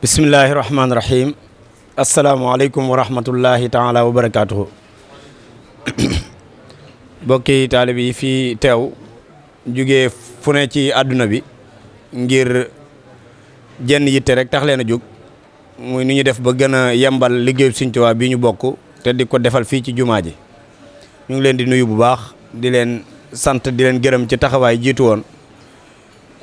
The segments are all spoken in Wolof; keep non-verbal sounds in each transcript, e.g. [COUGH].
bismillahi rahmaani rahim asalaamaaleykum wa rahmatullahi taala wa barakaatuhu [CLEARS THROAT] bokki taalib yi fii teew jugee fu ci àdduna bi ngir jenn yitte rek tax leen a jóg muy nu ñu def ba gën a yembal liggéeyu Sëñ Tuubaa bi ñu bokk te di ko defal fii ci jumaa ji ñu ngi leen di nuyu bu baax di leen sant di leen gërëm ci taxawaay jiitu woon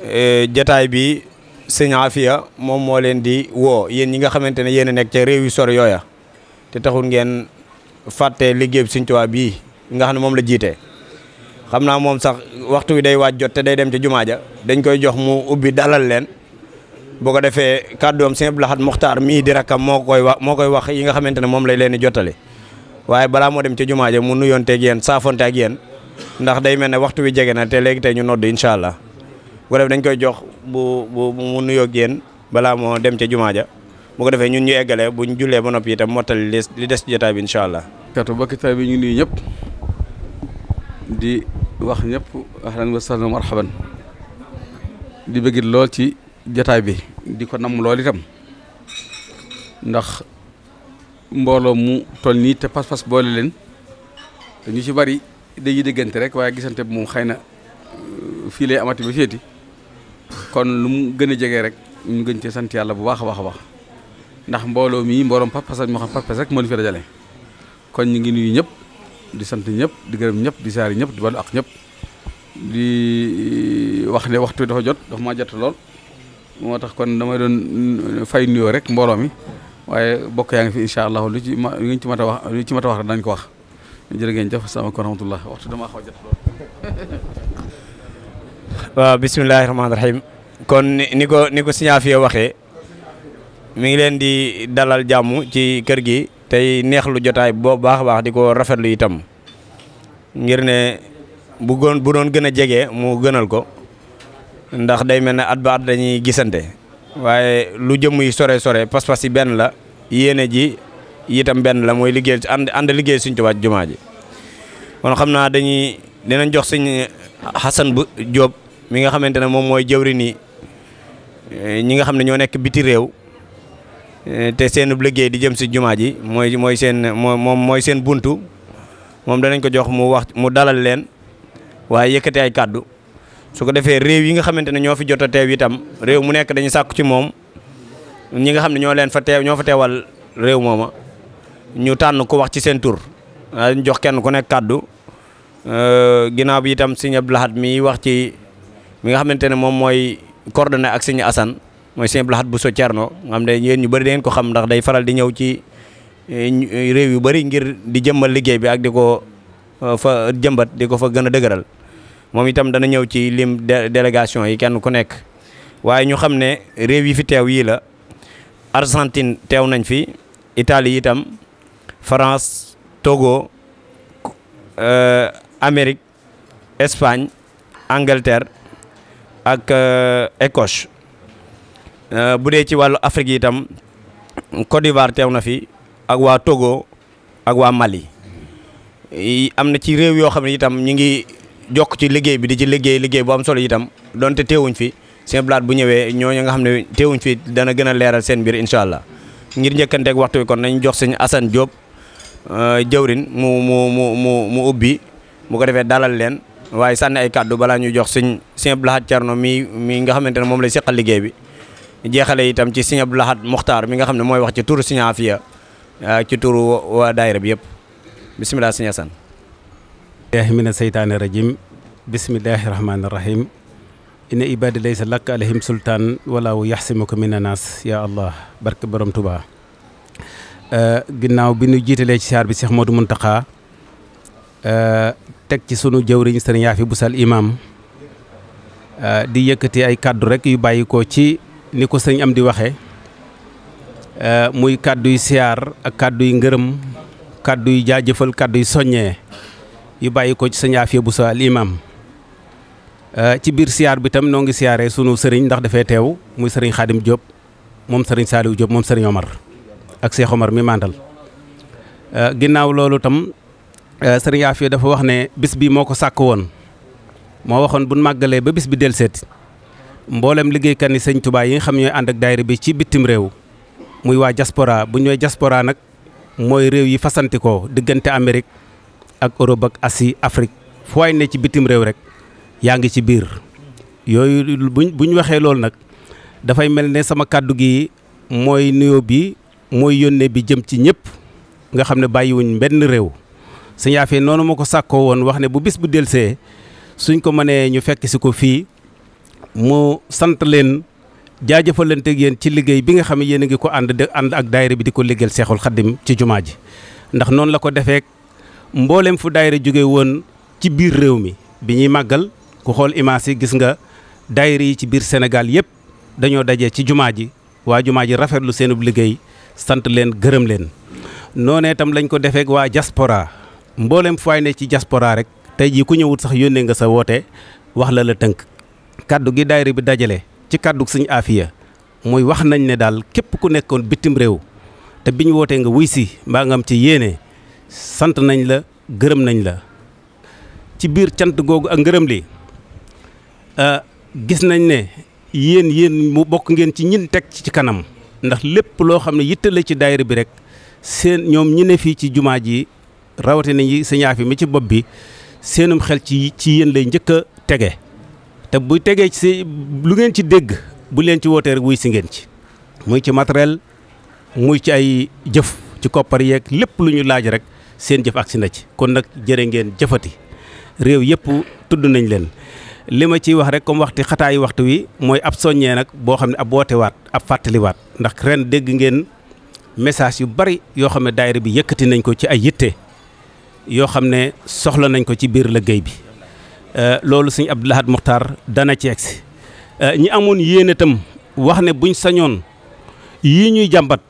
eh, jataay bi sëñ Afia moom moo leen di woo yéen ñi nga xamante ne yéen nekk ca réew yu sori yooya te taxul ngeen fàtte liggéey bi sëñ Tuubaa bii nga xam ne moom la jiite. xam naa moom sax waxtu wi day waaj jot te day dem ca jumaa ja dañ koy jox mu ubbi dalal leen boo ko defee kàddoom sëñ Abdou Lahad Mokhtar mii di rakkam moo koy wax moo koy yi nga xamante ne moom lay leen di jottali waaye balaa moo dem ca jumaa ja mu nuyoonteeg yéen saafonte ak geen ndax day mel ne waxtu wi jege na te léegi tey ñu nodd incha allah. bu ko defee dañ koy jox bu bu mu nuyoo génn balaa moo dem ca jumaa ja boo ko defee ñun ñu eggalee buñ jullee ba noppi itam mottali li des ci jotaay bi incha allah. katu ba kitaay bi ñu nuyu ñëpp di wax ñëpp ahlan wa sahlan marhaban di bëggit lool ci jataay bi di ko namm lool itam ndax mbooloo mu toll nii te pas-pas boole leen te ñu ci bari dañuy déggante rek waaye gisante bi moom xëy na euh, fii lay amati ba féeti kon lu mu gën a jege rek mu gën cee sant yàlla bu baax a baax a baax ndax mbooloo mii mbooloom papas moo xam papas rek moo ñu fi dajale kon ñu ngi nuyu ñëpp di sant ñëpp di gërëm ñëpp di saari ñëpp di balu ak ñëpp di eh, wax ne waxtu dafa jot dafa maa jot lool moo tax kon damay doon mm, fay nuyoo rek mbooloo mi waaye bokk yaa ngi fi incha lu ci ma lu ci mat a wax ci mat a wax dañ ko wax jërë ngeen jëf asalaamaaleykum wa waxtu damaa xaw jot lool [LAUGHS] waaw bisimilahi rahmaani rahim kon ni ko ni ko Sëñ waxee mu ngi leen di dalal jàmm ci kër gi tey neexlu jotaay boo baax a baax di ko rafetlu itam ngir ne bu goon bu doon gën a jege mu gënal ko ndax day mel ne at ba at dañuy gisante waaye lu jëm yi sore sore pas-pas yi benn la yéene ji yitam benn la mooy liggéey ànd ànd liggéey suñ tubaab jumaa ji kon xam naa dañuy dinañ jox suñ Xasan bu mi nga xamante ne moom mooy jëwriñ nii eh, ñi nga xam ne ñoo nekk biti réew eh, te seen liggéey di jëm si jumaa ji mooy mooy seen moom mooy seen buntu moom danañ ko jox mu wax mu dalal leen waaye yëkkati ay kàddu su ko defee réew yi nga xamante ne ñoo fi jot a teew itam réew mu nekk dañu sàkku ci moom ñi nga xam ne ñoo leen fa teew ñoo fa teewal réew mooma ñu tànn ku wax ci seen tur dañ jox kenn ku nekk kàddu eh, ginnaaw bi itam sëñ Abdou Lahad mi wax ci mi nga xamante ne moom mooy coordonné ak sëñ Assane mooy sëñ Blahat Bousso Thierno nga xam ne yéen ñu bëri dangeen ko xam ndax day faral di ñëw ci eh, eh, réew yu bari ngir di jëmbal liggéey bi ak di ko eh, fa jëmbat di ko fa gën a dëgëral moom itam dana ñëw ci lim délégation yi kenn ku nekk waaye ñu xam ne réew yi fi teew yii la Argentine teew nañ fi Italie itam France Togo Amérique Espagne Angleterre ak euh, Écosse euh, bu dee ci wàllu Afrique itam Côte d'Ivoire teew na fi ak waa Togo ak waa Mali i am na ci réew yoo xam ne itam ñu ngi jokk ci liggéey bi di ci liggéey liggéey bu am solo itam donte teewuñ fi seen bu ñëwee ñoo ñooñu nga xam ne teewuñ fi dana gën a leeral seen mbir incha allah ngir njëkkanteeg waxtu wi kon nañ jox sëñ Assane Diop euh, jëwrin mu mu mu mu mu ubbi mu ko defee dalal leen. waaye sànni ay kàddu balaa ñuy jox sëñ sëñ Abdou Lahad Thierno mi mi nga xamante ne moom lay seqal liggéey bi jeexale itam ci sëñ Abdou Lahad Mokhtar mi nga xam ne mooy wax ci turu sëñ Afia ci turu wa daayira bi yëpp bisimilah sëñ Assane billahi mina seytaani rajim bismillahi rahmaani rahim inna ibadi laysa lakk alayhim sultaan walaaw yaxsimuka mina naas yaa allah barke borom Tuubaa eh, ginnaaw bi ñu jiitalee ci saar bi Cheikh Modou Mountakha eh, teg ci sunu jëwriñ sëriñ Yaafi Busal imaam euh, di yëkkati ay kàddu rekk yu bàyyi ko ci ni ko sëriñ am di waxee euh, muy kàddu yu siyaar ak kàddu yu ngërëm kàddu yu jaajëfal kàddu yu soññee yu bàyyi ko ci sëriñ Yaafi Busal imaam euh, ci biir siyaar bi tam noo ngi siyaaree sunu sëriñ ndax dafay teew muy sëriñ Xaadim Diop moom sëriñ Saliou Diop moom sëriñ Omar ak Cheikh Omar mi mandal ginnaaw loolu tam Euh, sëriñ Afia dafa wax ne bis bi moo ko sàkk woon moo waxoon bu màggalee ba bis bi delluseeti mboolem liggéeykat yi sëñ Tuubaa yi nga xam ñooy ànd ak daayira bi ci bitim réew muy waa diaspora bu ñooy diaspora nag mooy réew yi fasantikoo diggante Amérique ak Europe ak Asie Afrique foo ay ne ci bitim réew rek yaa ngi ci biir yooyu buñ buñ waxee loolu nag dafay mel ne sama kàddu gi mooy nuyoo bi mooy yónnee bi jëm ci ñëpp nga xam ne bàyyiwuñ benn réew. sëñ Yaafe noonu ma ko sàkkoo woon wax ne bu bis bu delsee suñ ko mënee ñu fekk si ko fii mu sant leen jaajëfalanteeg yéen ci liggéey bi nga xam ne yéen a ngi ko ànd ànd ak daayira bi di ko liggéeyal seexul xaddim ci jumaa ji ndax noonu la ko defee mbooleem fu daayira jóge woon ci biir réew mi bi ñuy màggal ku xool image yi gis nga daayira yi ci biir Sénégal yëpp dañoo daje ci jumaa ji waa jumaa ji rafetlu seenub liggéey sant leen gërëm leen noonee tam lañ ko defeek waa diaspora mboolem fu ne ci diaspora rek tey jii ku ñëwut sax yónnee nga sa woote wax la la tënk kàddu gi daayira bi dajale ci kàddu suñu aafiya mooy wax nañ ne daal képp ku nekkoon bitim réew te biñ wootee nga wuy si mbaa nga ci yéene sant nañ la gërëm nañ la ci biir cant googu ak ngërëm li ah, gis nañ ne yéen yéen mu bokk ngeen ci ñin teg ci kanam ndax lépp loo xam ne yitte la ci daayira bi rek seen ñoom ñi ne fii ci jumaa ji rawatina yi sëñ yi mi ci bopp bi seenum xel ci ci yéen lay njëkk a tege te buy tegee ci lu ngeen ci dégg bu leen ci wootee rek wuy si ngeen ci muy ci matériel muy ci ay jëf ci koppar yeeg lépp lu ñu laaj rek seen jëf agsi na ci kon nag jëre ngeen jëfati réew yëpp tudd nañ leen li ma ciy wax rek comme waxti xataayu waxtu wi mooy ab soññee nag boo xam ne ab wootewaat ab fàttaliwaat ndax ren dégg ngeen message yu bari yoo xam ne daayira bi yëkkati nañ ko ci ay yitte yoo xam ne soxla nañ ko ci biir liggéey bi euh, loolu sëñ Abdou Lahad Muxtaar dana ceeg si euh, ñi amoon yéene tam wax ne buñ sañoon yi ñuy jàmbat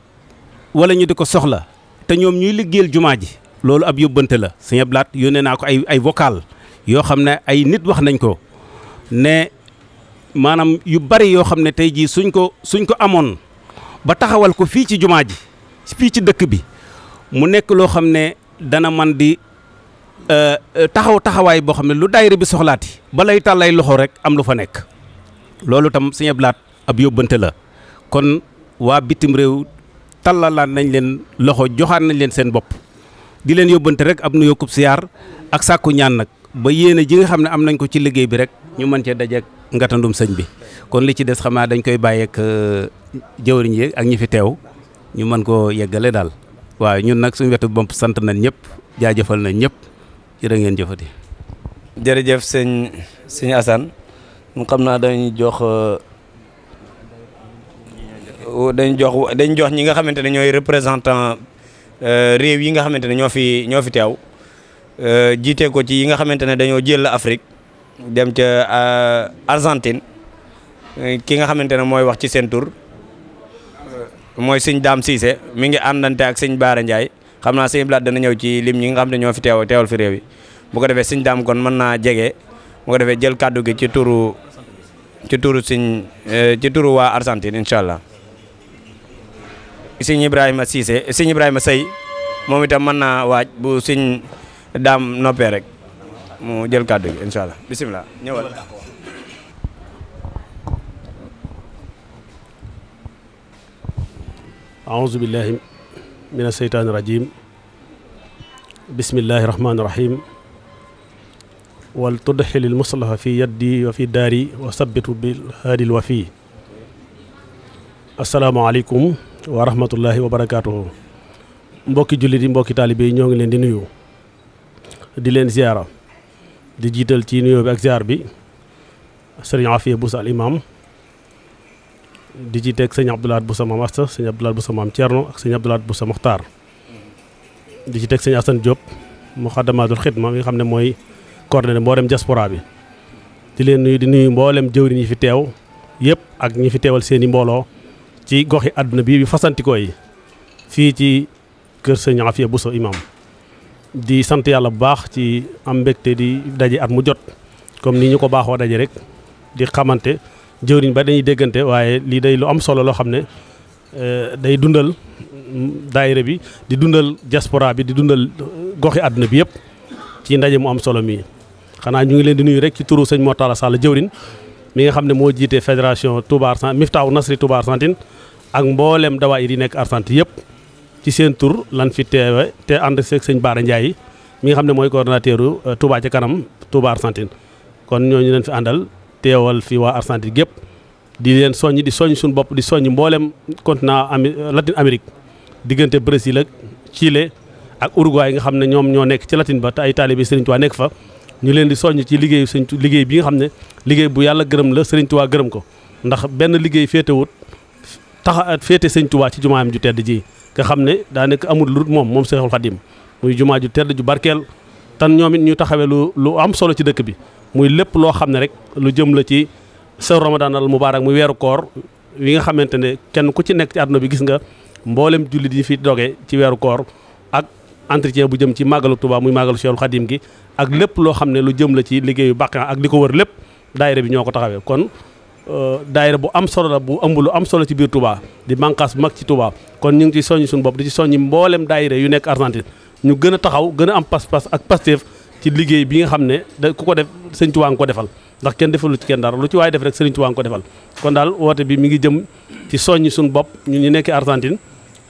wala ñu di ko soxla te ñoom ñuy liggéey jumaa ji loolu ab yóbbante la sëñ Abdou Lahad yónnee naa ko ay ay vocal yoo xam ne ay nit wax nañ ko ne maanaam yu bari yoo xam ne tey jii suñ ko suñ ko amoon ba taxawal ko fii ci jumaa ji fii ci dëkk bi mu nekk loo xam ne dana man di Euh, euh, taxaw taxawaay boo xam ne lu daayira bi soxlaati balay tàllay loxo rek am lu fa nekk loolu tam Sëñ ab yóbbante la kon waa bitim réew tàllalaat nañ leen loxo joxaat nañ leen seen bopp di leen yóbbante rek ab nuyoo kub siyaar ak sàkku ñaan nag ba yéene ji nga xam ne am nañ ko ci liggéey bi rek ñu mën cee dajeek ngatandum sëñ bi kon li ci des xamaa dañ koy bàyyeek euh, jëwriñ yi ak ñi fi teew ñu mën ko yeggale daal waaw ñun nag suñ wetu bopp sant na ñëpp jaajëfal nañ ñëpp jërë ngeen jëfati. jërëjëf sëñ sëñ Assane mu xam naa dañ jox euh, dañ jox dañ jox ñi nga xamante ne ñooy représentant euh, réew yi nga xamante ne ñoo fi ñoo fi teew euh, jiite ko ci yi nga xamante ne dañoo jël la Afrique dem ca Argentine ki nga xamante ne mooy wax ci seen tour mooy sëñ Dame Cissé mi ngi àndante ak sëñ Baara Ndiaye. xam naa sëñ Blaat dana ñëw ci lim ñi nga xam ne ñoo fi teew fi réew yi bu ko defee daam kon mën naa jege bu ko defee jël kàddu gi ci turu ci sëñ eh, ci turu waa Argentine allah. sëñ Ibrahima Cissé sëñ Ibrahima Sey moom itam mën naa waaj bu sëñ daam noppee rek mu jël kàddu gi incha allah bisimilah ñëwal. min aseytaani rajim bismillahi rahmaani rahim wal tudxilil muslaha fi yaddi wa fi daari wa sabbitu bil haadil wa fii asalaamaaleykum wa wa barakaatuhu mbokki jullit yi mbokki taalibe yi ñoo ngi leen di nuyu di leen ziyaara di jiital ci nuyoo bi ak ziyaar bi sëriñ Afiya Busa al imam di ci teg sëñ Abdoulaat bu sama masta sëñ Abdoulaat bu sama maam Thierno ak sëñ Abdoulaat bu sa Moxtaar di ci teg sëñ Assane Diop mu xaddamaatul xidma mi nga xam ne mooy coordonné mboolem diaspora bi di leen nuyu di nuyu mboolem jëwriñ yi fi teew yëpp ak ñi fi teewal seen i mbooloo ci goxi àdduna bi bi fasantikoo yi fii ci kër sëñ bu Bousso imam di sant yàlla bu baax ci am mbégte di daje at mu jot comme ni ñu ko baaxoo daje rek di xamante jëwriñ ba dañuy déggante waaye lii day lu am solo loo xam ne euh, day dundal daayre bi di dundal diaspora bi di dundal goxi àdduna bi yëpp ci ndaje mu am solo mii xanaa ñu ngi leen di nuyu rek ci turu sëñ Mortala Sall jëwriñ mi nga xam ne moo jiite fédération Touba Argentine Miftaahu Nasri Touba Argentine ak mboolem dawaayir yi nekk Argentine yëpp ci seen tur lan fi teewe te ànd seeg sëñ Baara mi nga xam ne mooy coordonnateur euh, Touba ci kanam Touba Argentine kon ñooñu leen fi àndal teewal fi waa Argentine gépp di leen soññ di soññ suñu bopp di soññ mboolem continent ami Latin Amérique diggante Brésil ak Chile ak Uruguay nga xam ne ñoom ñoo nekk ci Latin ba te ay bi Serigne Touba nekk fa ñu leen di soññ ci liggéeyu sëñ liggéey bi nga xam ne liggéey bu yàlla gërëm la Serigne Touba gërëm ko ndax benn liggéey féetewut taxa féete sëñ Touba ci jumaam ju tedd ji nga xam ne daanaka amul lu moom moom Seexul Xadim muy jumaa ju tedd ju barkeel tan ñoom it ñu taxawee lu lu am solo ci dëkk bi muy lépp loo xam ne rek lu jëm la ci sa mu al mubarak muy weeru koor wi nga xamante ne kenn ku ci nekk ci àdduna bi gis nga mboolem jullit yi fi doge ci weeru koor ak entretien bu jëm ci màggalu Tuubaa muy màggalu Seexul Xadim gi ak lépp loo xam ne lu jëm la ci liggéeyu Bakhiya ak li ko wër lépp daayira bi ñoo ko taxawee kon euh, daayira bu am solo la bu ëmb lu am solo ci biir Touba di bànqaas bu mag ci Touba kon ñu ngi ci soññ suñu bopp di ci soññi mboolem daayira yu nekk Argentine ñu gën taxaw gën ci liggéey bi nga xam ne da ku ko def sëñ Tuubaa nga ko defal ndax kenn defalu ci kenn dara lu ci waaye def rek sëriñ Tuubaa nga ko defal kon daal woote bi mi ngi jëm ci soññi suñu bopp ñun ñu nekk Argentine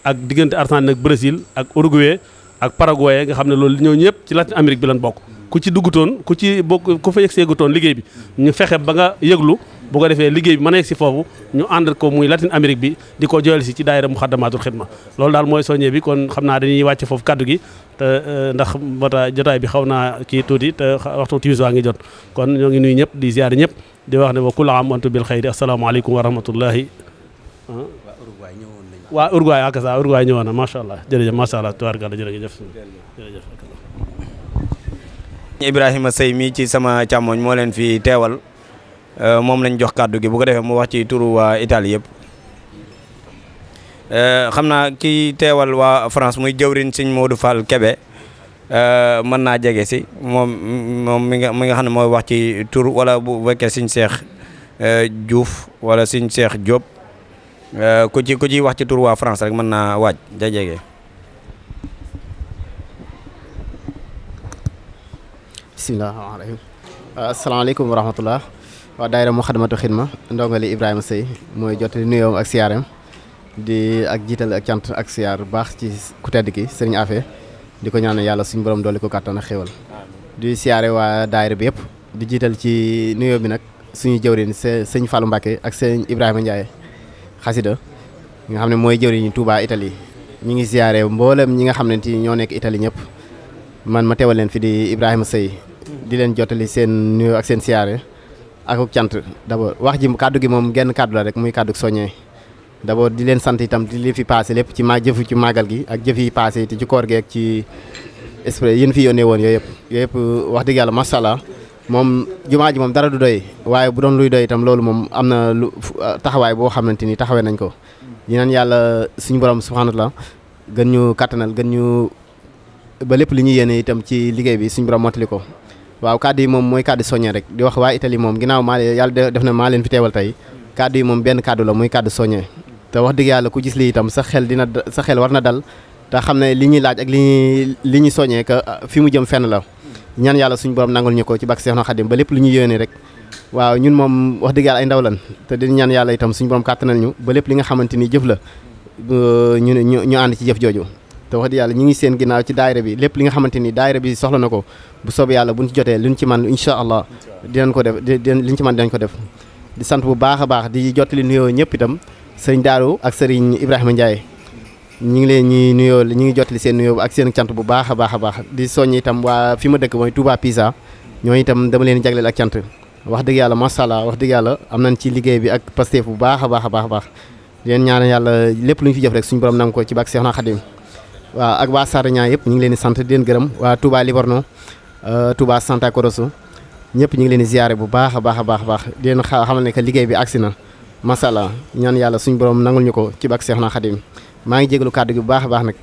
ak diggante Argentine ak Brésil ak Uruguay ak Paraguay nga xam ne loolu ñëw ñëpp ci Latin Amérique bi lañ bokk ku ci duggutoon ku ci bokk ku fa yegg seegutoon liggéey bi ñu fexe ba nga yëglu bu ko defee liggéey bi mën a yegg si foofu ñu ànd ko muy Latin Amérique bi di ko joyal si ci daayira Muxaddamaatul Xidma loolu daal mooy soññee bi kon xam naa dañuy wàcce foofu te e, ndax bata jotaay bi xaw naa kii tuuti te waxtu timis waa ngi jot kon ñoo ngi nuyu ñëpp di ziar ñëpp di wax ne wa kullu am wa antum bil xayri asalaamaaleykum wa rahmatullahi ah. waa Uruguay ak sa Uruguay ñëwoon na macha allah jërëjëf macha allah tubaarkalla jërëjëf jërëjëf Ibrahima Seye mii ci sama càmmoñ moo leen fi teewal e, moom lañ jox kàddu gi bu ko defee mu wax ci turu waa Italie yëpp Eh, xam naa ki teewal waa France muy jëwriñ Sëñ Modou Fall Kébé eh, mën naa jege si moom moom mi nga nga xam ne mooy wax ci tur walla bu fekkee Sëñ Seex eh, Diouf wala Sëñ Seex Diop ku ci ku ci wax ci tur waa France rek mën naa waaj ja jege. bismillaahi asalaamaaleykum wa rahmatulah waa daayira Muxaddamatul Xidma ndongali Ibrahima Seye mooy jot nuyoom ak siyaaram di ak jiital ak cant ak siyaar baax ci ku tedd ki sëriñ Afe di ko ñaanal yàlla suñu borom doole ko kàttan di siyaare waa daayira bi yëpp di jiital ci nuyoo bi nag suñu jëwriñ sëñ Fallou Mbacke ak sëñ Ibrahima Ndiaye xasida nga xam ne mooy jëwriñu Touba Italie ñu ngi siyaare mboolem ñi nga xam ne ti ñoo nekk Italie ñëpp man ma teewal leen fi di Ibrahima Sey di leen jottali seen nuyoo ak seen siyaare ak cant d'abord wax ji kàddu gi moom genn kàddu la rek muy kàddu soññee d'abord di leen sant itam di li fi passé lépp ci ma jëfu ci màggal gi ak jëf yi passé te ci koor gi ak ci exprès yéen fi yónnee woon yooyu yëpp yooyu wax dëgg yàlla macha allah moom jumaa ji moom dara du doy waaye bu doon luy doy itam loolu moom am na lu ah, taxawaay boo xamante ni taxawee nañ ko ñu yàlla suñu borom subhaanahu wa taala gën ñu kattanal gën ñu ba lépp li ñuy yéene itam ci liggéey bi suñu borom mottali ko waaw kàddu yi moom mooy kàddu soññe rek di wax waa Italie moom maa leen fi teewal tey kàddu yi benn kàddu muy kàddu soññe te wax dëgg yàlla ku gis lii itam sa xel dina sa xel war na dal te xam ne li ñuy laaj ak li ñuy li ñuy soññee que ah, fi mu jëm fenn la ñan yàlla suñu borom nangul ñu ko ci bak Seexna Xadim ba lépp lu ñuy yéene rek waaw ñun moom wax dëgg yàlla te di ñaan yàlla itam suñu borom kàttanal ñu ba lépp li nga xamante ni jëf la euh, ñu ñu ñu ànd ci jëf jooju te wax yàlla ñu ngi seen ginnaaw ci daayira bi lépp li nga xamante ni daayira bi soxla na ko bu soobee yàlla buñ ci jotee luñ ci man incha allah dinañ ko def liñ ci man dinañ ko def di sant bu baax a baax di nu nuyoo ñëpp itam sëriñ Daaru ak sëriñ Ibrahima Ndiaye ñu ngi leen ñi nuyoo ñu ngi jotali seen nuyoo ak seen cant bu baax a baax a baax di soñ itam waa fi ma dëkk mooy Touba Pisa ñooñu itam dama leen jagleel ak cant wax dëgg yàlla macha wax dëgg yàlla am nañ ci liggéey bi ak Pastef bu baax a baax a baax a baax di leen ñaanal yàlla lépp lu ñu fi jëf rek suñu borom nangu ko ci bàkk Seexna Xadim waaw ak waa ñaa yëpp ñu ngi leen di sant di leen gërëm waa Touba Livorno euh, Touba Santa Corosso ñëpp ñu ngi leen di ziyaare bu baax a baax a baax di leen xamal ne que liggéey bi agsi na masala ñaan yàlla suñu borom nangul ñu ko ci bak seex na xadim maa ngi jégalu kàddu gi bu baax a baax nag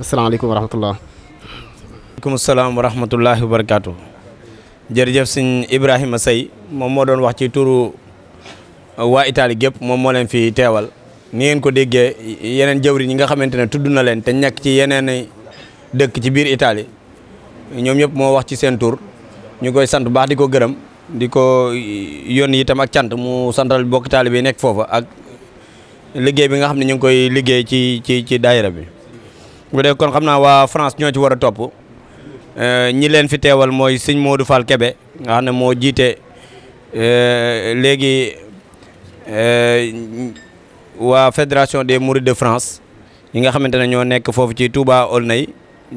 asalaamaaleykum wa rahmatullah aleykum salaam wa rahmatullahi wa jërëjëf sëñ Ibrahima Sey moom moo doon wax ci turu waa Italie gépp moom moo leen fi teewal ni ngeen ko déggee yeneen jëwri ñi nga xamante ne tudd na leen te ñekk ci yeneen dëkk ci biir Italie ñoom ñëpp moo wax ci seen tur ñu koy sant baax di ko gërëm di ko yónni itam ak cant mu santal bokk taalibe yi nekk foofa ak liggéey bi nga xam ne ñu ngi koy liggéey ci ci ci daayira bi bu dee kon xam naa waa France ñoo ci war a topp eh, ñi leen fi teewal mooy sëñ Modou Fall Kebe nga xam ne moo jiite eh, léegi eh, waa fédération des mourides de France yi nga xamante ne ñoo nekk foofu ci Touba Aulnay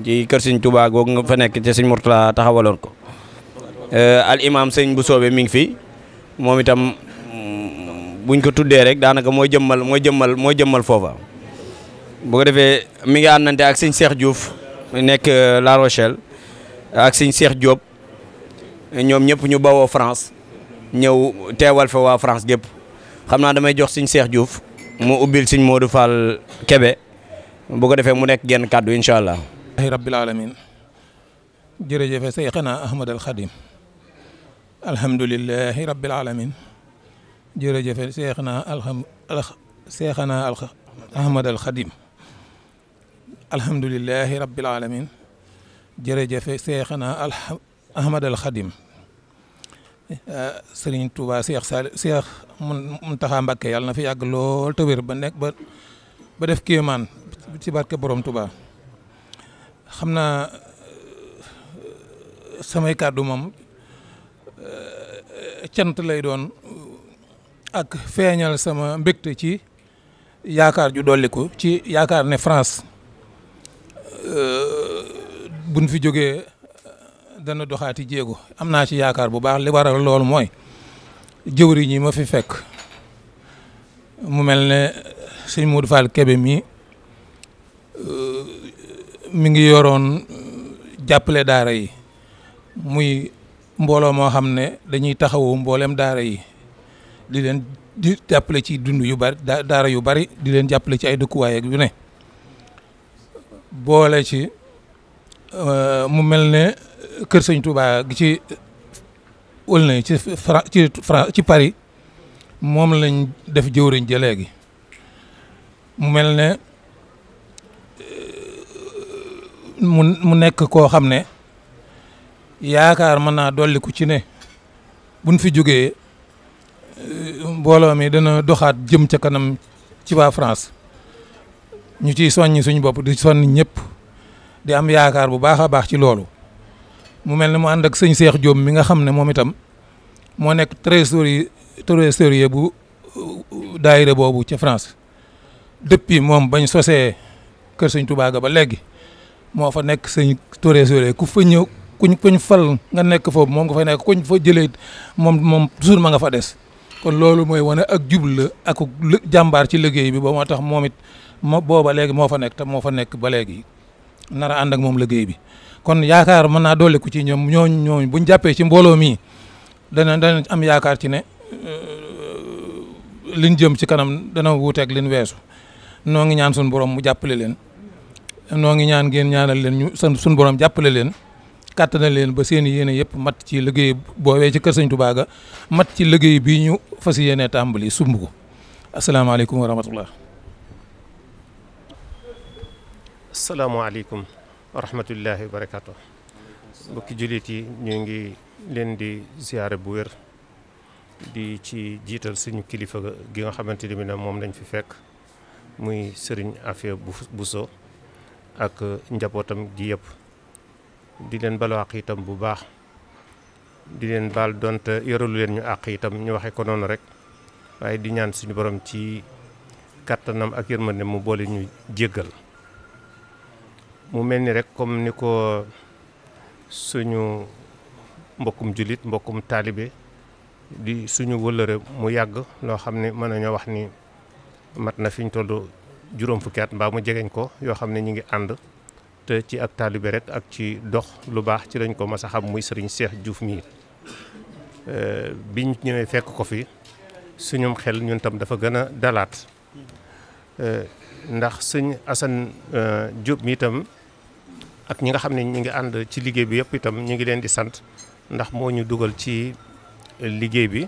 ci kër sëñ Touba googu nga fa nekk ci sëñ Mourtala taxawaloon ko Euh, al imam sëñ bu soobee mi ngi fi moom itam buñ ko tuddee rek daanaka mooy jëmmal mooy jëmmal mooy jëmmal foofa bu ko defee mi ngi àndante ak sëñ Cheikh Diouf nekk euh, La Rochelle sëñ Cheikh Diop ñoom ñëpp ñu bawoo France ñëw teewal fa France gépp xam naa damay jox sëñ Cheikh Diouf mu ubbil sëñ Modou Fall Kébé bu ko defee mu nekk genn kàddu incha allah. rabbil alamin jërëjëf Seyxana Ahmad al Xadim alhamdulilahi rabbil alamin jërëjëf seexanaa alham seexanaa al ahmad al xadim alhamdulilahi rabbil alamin jërëjëf seexanaa al ahmad al xadim sëriñ Touba Cheikh Sall Cheikh Mountakha Mbacké yàlla na fi yàgg lool te wér ba nekk ba ba def kéemaan ci barke borom Touba xam naa samay kàddu moom Euh, cant lay doon ak feeñal sama mbégte ci yaakaar ju dolliku ci yaakaar ne France euh, buñ fi jógee euh, dana doxaati jéego am naa ci yaakaar bu baax li waral mooy jëwriñ yi ma fi fekk mu mel ne sëñ Modou Fall Kébé mi ngi yoroon jàpple daara yi muy mbooloo moo xam ne dañuy taxawu mbooleem daara yi di leen jàppale ci dund yu bari daara yu bari di leen jàppale ci ay dëkkuwaay ak yu ne boole ci euh, mu mel ne kër sëñ gi ci wël na ci ci Fra Paris moom lañ def jëwriñ ja léegi mu mel ne euh, mu mu nekk koo xam ne. yaakaar mën naa ku ci ne buñ fi jógee euh, mbooloo mi dana doxaat jëm ca kanam ci waa France ñu ciy soññi suñu bopp di sonn ñëpp di am yaakaar bu baax a baax ci loolu mu mel ni mu ànd ak sëñ Seex Jóom mi nga xam ne moom itam moo nekk trésorier trésorier bu euh, daayira boobu ca France depuis moom bañ sosee kër sëñ Tuubaa ga ba léegi moo fa nekk sëñ trésorier ku fa ñëw kuñ kuñ fal nga nekk foofu moom nga fay nekk kuñ fa jëlee moom moom toujours ma nga fa des kon loolu mooy wane ak jublu la ak jàmbaar ci liggéey bi ba moo tax moom it moo booba léegi moo fa nekk te moo fa nekk ba léegi nar a moom liggéey bi kon yaakaar mën naa dolli ku ci ñoom ñooñu ñooñu buñ jàppee ci mbooloo mii dana dana am yaakaar ci ne euh, liñ jëm ci kanam dana wuuteeg liñ weesu noo ngi ñaan suñu borom mu jàppale leen noo ngi ñaan ngeen ñaanal leen ñu sun suñu borom jàppale leen kàttanal leen ba seen i yéene yëpp mat ci liggéey boowee ci kër Sëñ Tuubaa mat ci liggéey bii ñu fas yéene tàmbali sumb ko asalaamaaleykum wa rahmatullah asalaamaaleykum wa rahmatullahi wa jullit yi ñu ngi leen di ziyaare bu wér di ci jiital suñu kilifa gi nga xamante ni bi moom lañu fi fekk muy sëriñ Afia Bousso ak njabootam gi yépp di leen balu àq itam bu baax di leen baal donte yoralu leen ñu àq itam ñu waxe ko noonu rek waaye di ñaan suñu borom ci kàttanam ak ne mu boole ñu jéggal mu mel ni rek comme ni ko suñu mbokkum jullit mbokkum taalibe di suñu wëllëre mu yàgg loo xam ne mën nañoo wax ni mat na fi ñu toll juróom fukki at mbaa mu jegeñ ko yoo xam ne ñu ngi ànd te ci ak taalibe rek ak ci dox lu baax ci lañ ko mas a xam muy sëriñ Cheikh juuf mii euh, biñ ñëwee fekk ko fi suñum xel ñun tam dafa gën a dalaat euh, ndax sëñ Assane euh, Diop mi itam ak ñi nga xam ne ñi ngi ànd ci liggéey bi yëpp itam ñu ngi leen di sant ndax moo ñu dugal ci liggéey bi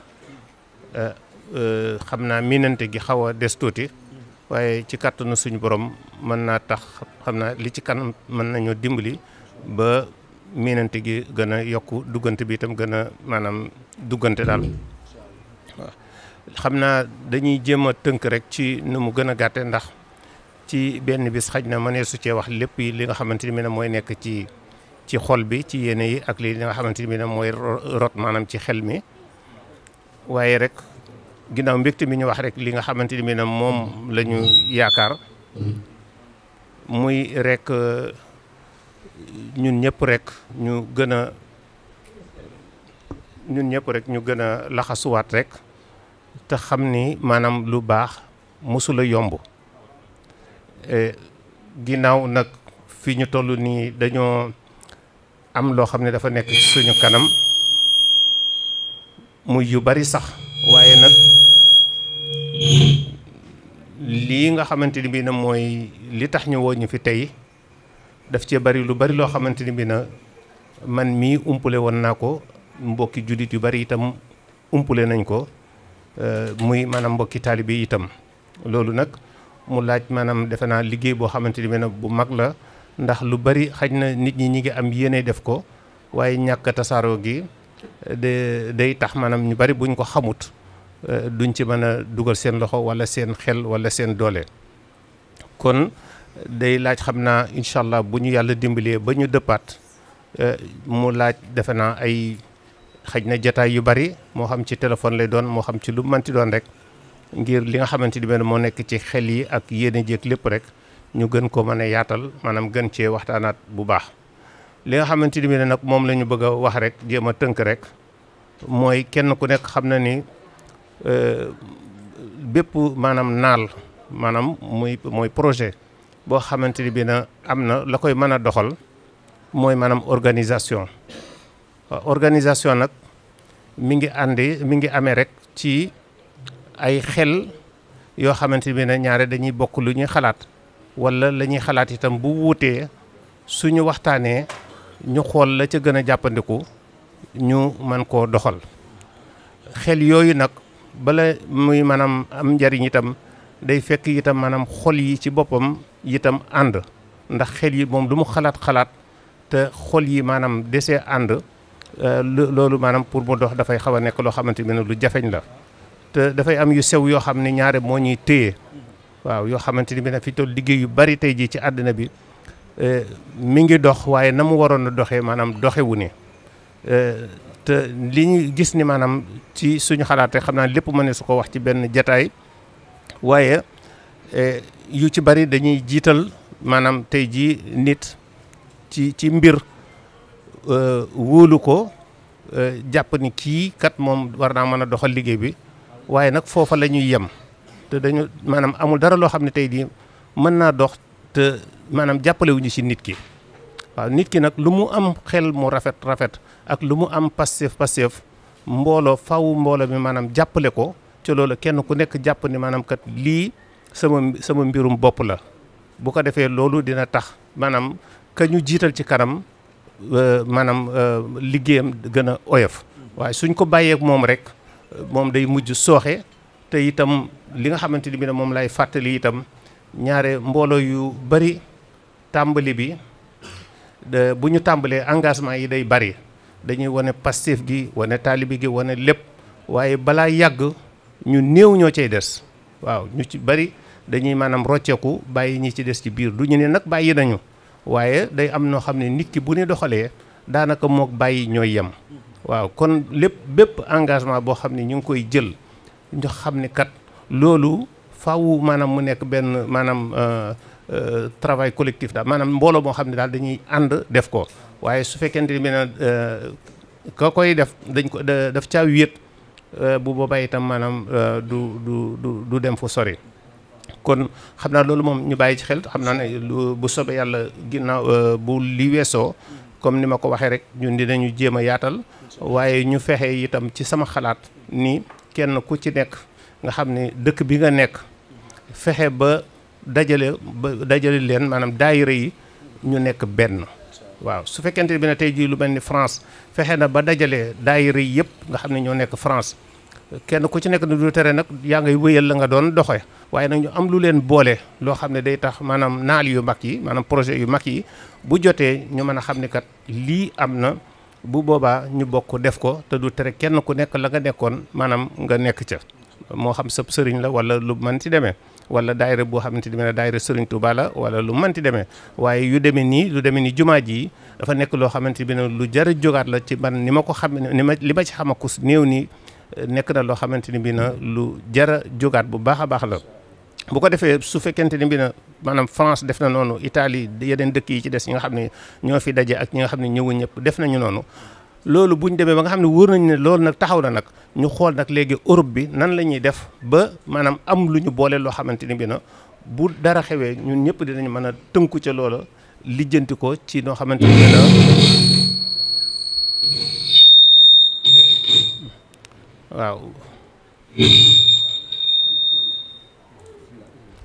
xam naa miinante gi xaw des tuuti waaye ci kàttanu suñu borom mën naa tax xam naa li ci kanam mën nañoo dimbali ba miinante gi gën a yokk duggante bi itam gën a maanaam duggante daal xam naa dañuy jéem a tënk rek ci nu mu gën a gàtte ndax ci benn bis xaj na mënee su cee wax lépp yi li nga xamante ni mi mooy nekk ci ci xol bi ci yéene yi ak li nga xamante ni mi ne mooy rot maanaam ci xel mi waaye rek ginnaaw mbégte mi ñu wax rek li nga xamante ni bi ne moom lañu yaakaar muy rek euh, ñun ñëpp rek ñu gën a ñun ñëpp rek ñu gën a laxasuwaat rek te xam ni maanaam lu baax mosula yomb ginnaaw nag fii ñu toll nii dañoo am loo xam ne dafa nekk suñu kanam muy yu bari sax waaye nag lii nga xamante ni bii na mooy li tax ñu woo ñu fi tey def cee bari lu bari loo xamante ni bii na man mii umpule woon naa ko mbokki jullit yu bari itam umpule nañ ko euh, muy maanaam mbokki taalibe yi itam loolu nag mu laaj maanaam defe naa liggéey boo xamante ni bi nag bu mag la ndax lu bari xaj na nit ñi ñi ngi am yéene def ko waaye ñàkk tasaaroo gi de day tax maanaam ñu bari buñ ko xamut Euh, duñ ci mën a dugal seen loxo wala seen xel wala seen doole kon day laaj xam naa incha allah bu ñu yàlla dimbalee ba ñu dëppaat euh, mu laaj defe naa ay xaj na jataay yu bari moo xam ci téléphone lay doon moo xam ci lu manti doon rek ngir li nga xamante ni benn moo nekk ci xel yi ak yéene jéeg lépp rek ñu gën ko mën a yaatal maanaam gën cee waxtaanaat bu baax li nga moom la ñu bëgg a wax rek jéem a tënk rek mooy kenn ku nekk xam na ni Euh, bépp maanaam naal maanaam muy mooy projet boo xamante ni bi na am na la koy mën a doxal mooy maanaam organisation organisation nag mi ngi àndi mi ngi amee rek ci ay xel yoo xamante bi ne ñaare dañuy bokk lu ñuy xalaat walla la ñuy xalaat itam bu wuutee suñu waxtaanee ñu xool la ca gën a jàppandiku ñu mën koo doxal xel yooyu nag bala muy maanaam am njariñ itam day fekk itam maanaam xol yi ci boppam itam ànd ndax xel yi moom du mu xalaat xalaat te xol yi maanaam dese ànd euh, loolu maanaam pour mu dox dafay xaw a nekk loo xamante ne lu jafeñ la te dafay am yu sew yoo xam ne ñaare moo ñuy téye waaw yoo xamante ni bi nag fi toll liggéey yu bari tey jii ci àddina bi euh, mu ngi dox waaye na mu waroon a doxee maanaam doxewu ne euh, te li ñu gis ni maanaam ci suñu xalaate xam naa lépp mënees su ko wax ci benn jataay waaye e, yu ci bari dañuy jiital maanaam tey jii nit ci ci mbir e, wóolu ko e, jàpp ni kii kat moom war naa mën a doxal liggéey bi waaye nag foofa lañuy yem te dañu maanaam amul dara loo xam ne tey jii mën naa dox te maanaam jàppalewuñu ci nit ki waaw nit ki nag lu mu am xel mu rafet rafet ak lu mu am Pastef Pastef mbooloo faw mbooloo mi maanaam jàppale ko ci loolu kenn ku nekk jàpp ni maanaam kat lii sama sama mbirum bopp la bu ko defee loolu dina tax maanaam ka ñu jiital ci kanam euh, maanaam euh, liggéeyam gën a oyof waaye suñ ko bàyyeek moom rek moom day mujj sooxe te itam li nga xamante ni bi ne moom lay fàttali itam ñaare mbooloo yu bari tàmbali bi bu ñu tàmbalee engagement yi day bari dañuy wane Pastef gi wane taalibi gi wane lépp waaye balaa yàgg ñu néew ñoo cay des waaw ñu ci bari dañuy maanaam rocceeku bàyyi ñi ci des ci biir du ñu ne nag bàyyi nañu waaye day am noo xam ne nit ki bu ñu doxalee daanaka moog bàyyi ñoo yem. waaw kon lépp bépp engagement boo xam ne ñu ngi koy jël ñu xam ni kat loolu faaw maanaam mu nekk benn maanaam euh, euh, travail collectif daal maanaam mbooloo moo xam ne daal dañuy ànd def ko. waaye su fekkente ni bi na ko koy def dañ ko daf caa wéet euh, bu boobaa itam maanaam euh, du du du du dem fu sori kon xam naa loolu moom ñu bàyyi ci xel xam naa ne bu soobee yàlla ginnaaw euh, bu li weesoo comme ni ma ko waxee rek ñun dinañu jéem a yaatal waaye ñu fexe itam ci sama xalaat ni kenn ku ci nekk nga xam ne dëkk bi nga nekk fexe ba dajale ba dajale leen maanaam daayira yi ñu nekk benn waaw su fekkente bi ne tey jii lu mel ni France fexe na ba dajalee daayira yi yëpp nga xam ne ñoo nekk France kenn ku ci nekk du tere nag yaa ngay wéyal la nga doon doxe waaye nag ñu am lu leen boole loo xam ne day tax maanaam naal yu mag yi maanaam projet yu mag yi bu jotee ñu mën a xam ni kat lii am na bu boobaa ñu bokk def ko te du tere kenn ku nekk la nga nekkoon maanaam nga nekk ca moo xam sab sëriñ la wala lu mën ci demee wala daayira boo xamante ni daayira Serigne Touba la wala lu mënti demee waaye yu deme nii lu demee ni jumaa ji dafa nekk loo xamante bi ne lu jar a jógaat ci man ni ma ko xam ni ma li ma ci xam akus néew nii nekk na loo xamante ni bi na lu jar a jógaat bu baax a baax la bu ko defee su fekkente ni bi na maanaam France def na noonu Italie yeneen dëkk yi ci des ñi nga xam ne ñoo fi daje ak ñi nga xam ne ñëwu ñëpp def nañu noonu loolu bu ñu demee ba nga xam ne wóor nañu ne loolu nag taxaw na nag ñu xool nag léegi Europe bi nan la ñuy def ba maanaam am lu ñu boole loo xamante ni bi na bu dara xewee ñun ñëpp dinañ mën a tënku ca loola lijjanti ko ci noo xamante ni bi na waaw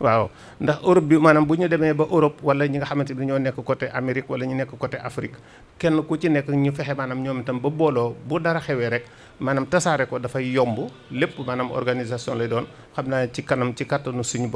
waaw ndax Europe bi maanaam bu ñu demee ba Europe wala ñi nga xamante ni ñoo nekk côté Amérique wala ñu nekk côté Afrique kenn ku ci nekk ñu fexe maanaam ñoom itam ba booloo bu dara xewee rek maanaam tasaare ko dafay yomb lépp maanaam organisation lay doon xam naa ci kanam ci kàttanu suñu